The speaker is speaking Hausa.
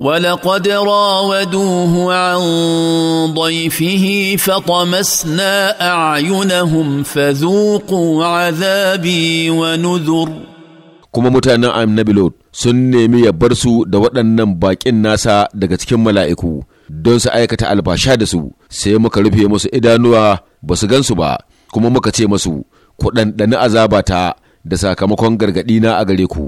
ولقد راودوه عن ضيفه فطمسنا اعينهم فذوقوا عذابي ونذر kuma mutanen annabi Lot sun nemi ya bar su da waɗannan baƙin nasa daga cikin mala'iku don su aikata albasha da su sai muka rufe musu idanuwa ba su gansu ba kuma muka ce masu ku ɗanɗani azabata da sakamakon na a gare ku